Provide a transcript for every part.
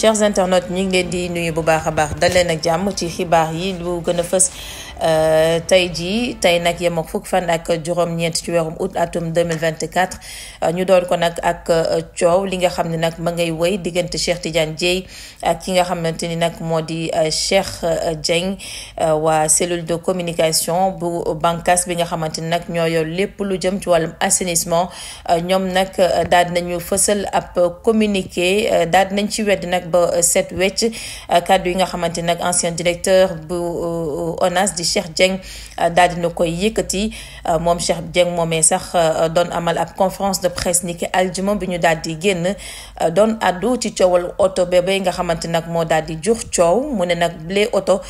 chers internautes ñu ngi leen di nuyu bu baax a baax dal leen ak jàmm ci xibaar yi lu gën a fës. Euh, tey jii tey nag yem ak fukki fan ak juróom-ñeent ci weerum août atum 2024 euh, ñu doon ko nag ak euh, coow li nga xam ne nag ma ngay wéy diggante Cheikh Tidiane Dieye ak ki nga xamante ni nag moo di Cheikh Dieng waa cellule de communication bu bànqaas bi nga xamante ni nag ñoo yor lépp lu jëm ci wàllum assenissement ñoom nag daal nañu fësal ab communiqué daad nañ ci wedd nag ba set wecc kàddu yi nga xamante ni nag ancien directeur bu ONAS di Cheikh Dieng euh, daal dina koy yëkkati euh, moom Cheikh Dieng moomee sax euh, doon amal ab conférence de presse niki aljuma bi ñu daal di génn doon addu ci coowal oto bay nga xamante nag moo daal di jur coow mu ne nag bile oto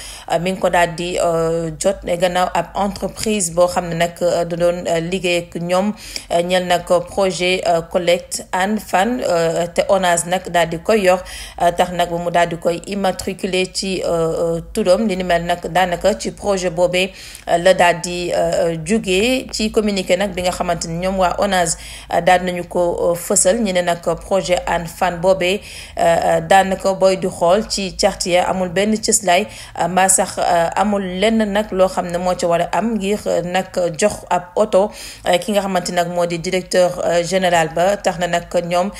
mi ngi ko daal di jot gannaaw ab entreprise boo xam ne nag da doon liggéey ñoom ñel nag projet collecte an fan te ONAS nag daal di koy yor tax nag mu daal di koy immatriculé ci turam li ni mel nag daanaka ci projet projet boobee euh, la daal di euh, euh, jógee ci communiqué nag bi nga xamante ni ñoom waa ONAS daan nañu ko fësal ñu ne nag projet Hann Fann boobee daanaka boy di xool ci ya amul benn cëslaay mbaa sax amul lenn nag loo xam ne moo ci war am ngir nag jox ab oto ki nga xamante nag moo di directeur général ba tax na nag ñoom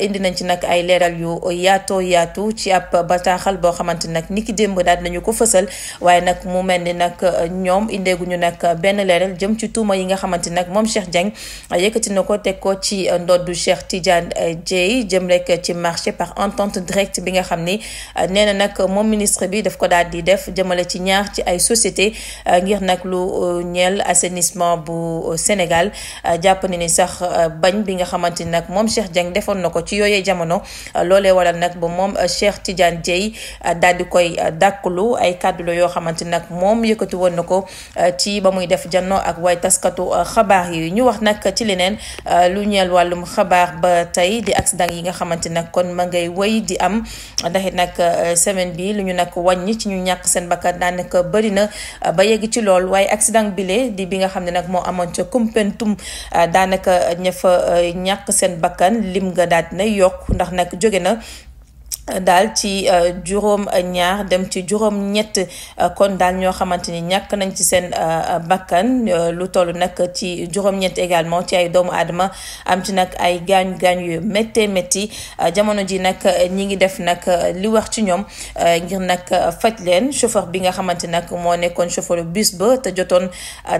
indi nañ ci nag ay leeral yu yaatoo yaatu ci ab bataaxal boo xamante nag ni ki démb daal nañu ko fësal waaye nag mu mel ni nag nag euh, ñoom indeeguñu nag benn leeral jëm ci tuuma yi nga xamante nag moom Cheikh Dieng yëkkati na ko teg ko ci ndoddu Cheikh Tidiane euh, Dieye jëm rek ci marché par entente directe bi nga xam ni euh, nee na nag moom ministre bi daf ko daal di def jëmale ci ñaar ci ay société ngir nag lu ñeel assainissement bu Sénégal jàpp na ni sax bañ bi nga xamante ni nag moom Cheikh Dieng defoon na ko ci yooyee jamono loole waral nag ba moom Cheikh Tidiane Dieye daal di koy dàkkulu ay kàddu la yoo xamante nag moom yëkkati woon na ko euh, ci ba muy def janno ak way taskatu euh, xabaar yi ñu wax nag ci leneen euh, lu ñeel wàllum xabaar ba tey di accident yi nga xamante nag kon ma ngay wëy di am ndaxit nag semaine bi lu ñu nag wàññi ci ñu ñàkk seen bakkan daanaka bëri na ba yegg ci lool waaye accident bile di bi nga xam ne nag moo amoon ca Koumpentoum daanaka ña ñàkk seen bakkan lim nga daal na yokk ndax nag jóge na daal ci euh, juróom ñaar dem ci juróom ñett euh, kon daal ñoo xamante ni ñàkk nañ ci seen euh, bakkan lu toll nag ci juróom-ñett également ci ay doomu aadama am ci nag ay gaañu gaañu yu mette métti jamono ji nag ñi ngi def nag li wax ci ñoom ngir nag faj leen chauffeur bi nga xamante nag moo nekkoon chauffeur bis ba te jotoon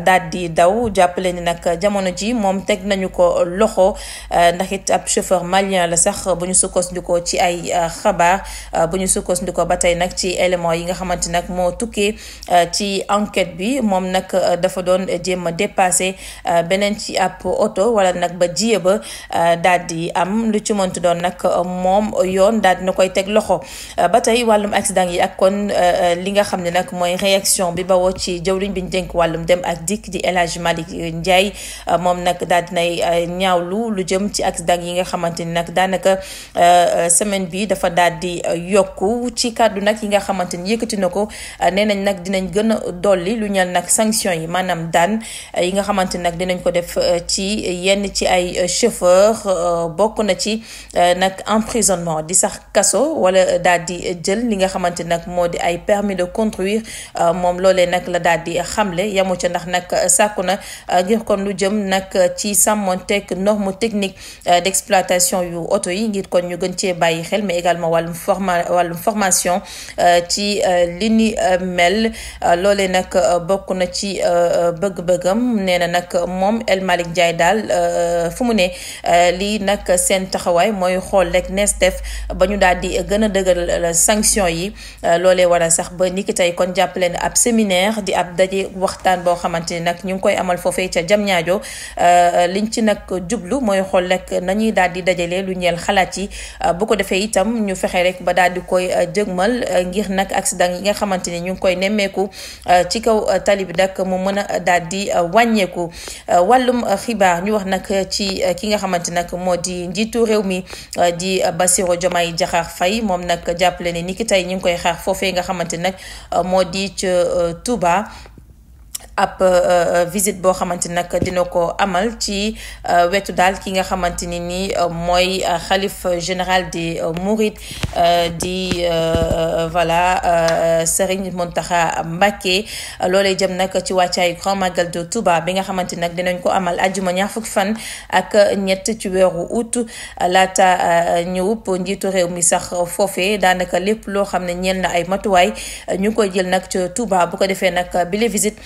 daal di daw jàppale ni nag jamono ji moom teg nañu ko loxo ndax it ab chauffeur malien la sax bu ñu sukkandikoo ci ay xabaar euh, bu ñu sukkandikoo ba tey nag ci élément yi nga xamante nag moo tukkee euh, ci enquête bi moom nag euh, dafa doon jéem a dépassé beneen ci ab oto wala nag ba jiye ba daal di am lu ci mënti doon nag moom yoon daal dina koy teg loxo ba tey wàllum accident yi ak kon li nga xam ne nag mooy réaction bi bawoo ci jëwriñ bi ñu dénk wàllum dem ak dikk di El Hadj Malick Ndiaye moom nag daal dinay ñaawlu lu jëm ci accident yi nga xamante nag daanaka semaine bi dafa dafa daal di euh, yokku ci kàddu nag yi nga xamante ni yëkkati na ko euh, nee nañ nag dinañ gën a dolli lu ñal nag sanction yi maanaam daan euh, yi nga xamante ni nag dinañ ko def ci yenn ci ay chauffeur bokk na ci nag emprisonnement di sax kaso wala daal di jël li nga xamante nag moo di ay permis de conduire moom loole nag la daal di xamle yamu ca ndax nag sàkku na ngir kon lu jëm nag ci sàmmoon teg norme technique d'exploitation yu oto yi ngir kon ñu gën cee bàyyi xel mais également également wàllum forma wàllum formation euh, ci euh, li ni euh, mel loolee nag bokk na ci bëgg-bëggam nee na nag moom El Malick Ndiaye daal fu mu ne lii nag seen taxawaay mooy xool rek nees def ba ñu daal di gën a dëgëral sanction yi loolee wara sax ba niki tey kon jàppale ne ab séminaire di ab daje waxtaan boo xamante ni nag ñu ngi koy amal foofee ca jam Diamniadio liñ ci nag jublu mooy xool rek nañuy daal di dajale lu ñeel xalaat yi bu ko defee itam ñu fexe rek ba daal di koy euh, jëgmal euh, ngir nag accident yi nga xamante ni ñu ngi koy nemmeeku euh, ci kaw tali bi nag mu mën a daal di wàññeeku wàllum xibaar ñu wax nag ci ki nga xamante nag moo di njiitu réew mi di Bassirou Diomaye Diakhar fay moom nag jàppale ne ni ki tey ñu ngi koy xaar foofee nga xamante nag moo di ca Touba. ab euh, euh, visite boo xamante nag dina ko amal ci euh, wetu daal ki nga xamante ni nii mooy xalif général des Mourides di voilà Serigne Mountakha Mbacké loolee jëm nag ci wàccaayu Grand Magal de Touba bi nga xamante nag dinañ ko amal ajjuma ñax fukki fan ak ñett ci weeru août laata ñëwup njiitu réew mi sax foofe daanaka lépp loo xam ne ñeel na ay matuwaay ñu koy jël nag ci Touba bu ko defee nag bile visite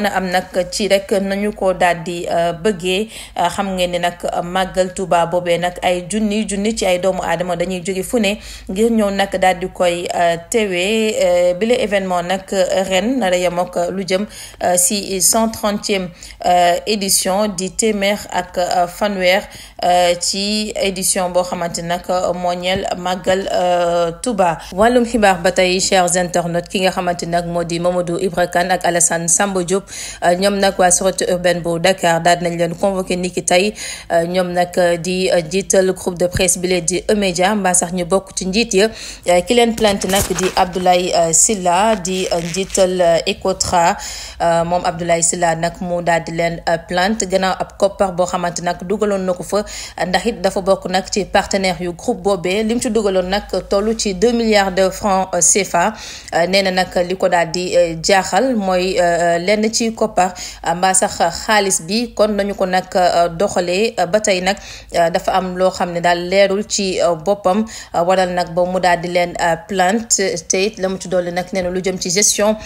mën a am nag ci rek nañu ko daal di euh, bëggee euh, xam nga ni nag màggal tubaa boobee nag ay junni junni ci ay doomu aadama dañuy jóge fu ne ngir ñëw nag daal di koy euh, teewee bile événement nag ren nar a lu jëm si cent trentième édition di téeméer ak fanweer ci édition boo xamante nag moo ñeel màggal Tuuba wàllum xibaar ba tey chers internautes ki nga xamante nag moo di Mamadou Ibra Kane ak Alassane Samba Diop Euh, ñoom nag waa sûreté urbaine bu Dakar daal nañ leen convoqué niki tey euh, ñoom nag di jiital groupe de presse bi leen di E-Media mbaa sax ñu bokk ci njiit ya euh, ki leen plainte nag di Abdoulaye Sylla di njiital Ecotra moom Abdoulaye silla nag mu daal di leen plainte gannaaw ab koppar boo xamante nag dugaloon na ko fa ndax it dafa bokk nag ci partenaire yu groupe boobee lim ci dugaloon nag tollu ci deux milliards de francs CFA nee na nag li ko daal di jaaxal mooy lenn lenn ci koppar ah, mbaa sax xaalis bi kon nañu ko nag ah, doxalee ah, ba tey nag dafa am loo xam ne daal leerul ci boppam waral nag ba mu daal di leen plainte te it la mu ci dolli nag nee na lu jëm ci gestion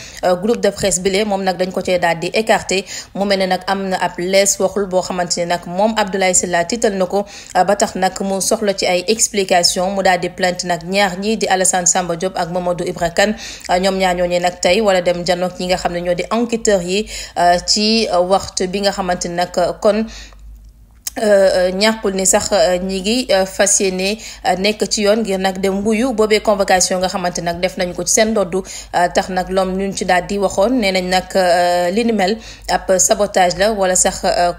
groupe de presse bi moom nag dañ ko cee daal di écarté mu mel ne nag am na ab lees waxul boo xamante ne nag moom Abdoulaye Sylla tiital na ko ba tax nag mu soxla ci ay explication mu daal di plant nag ñaar ñi di Alassane Samba Diop ak Mamadou Ibra Kane ñoom ñaar ñooñu nag yi euh, ci euh, waxtu bi nga xamante nag kon Euh, ñàkkul ni sax euh, ñi ngi euh, fas yéene nekk ci yoon ngir nag dem mbuyu boobee convocation nga xamante nag def nañ ko ci seen ndoddu tax nag loom ñu ci daal di waxoon nee nañ nag li ni mel ab sabotage la wala sax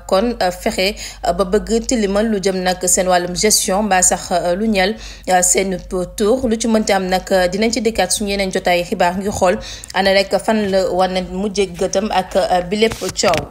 kon fexe ba bëgg tilimal lu jëm nag seen wàllum gestion mbaa sax lu ñel seen tour lu ci mënti am nag dinañ ci dikkaat suñu yeneen jotaay xibaar ngi xool ana rek fan la war na mujjee gëtam ak bi lépp coow.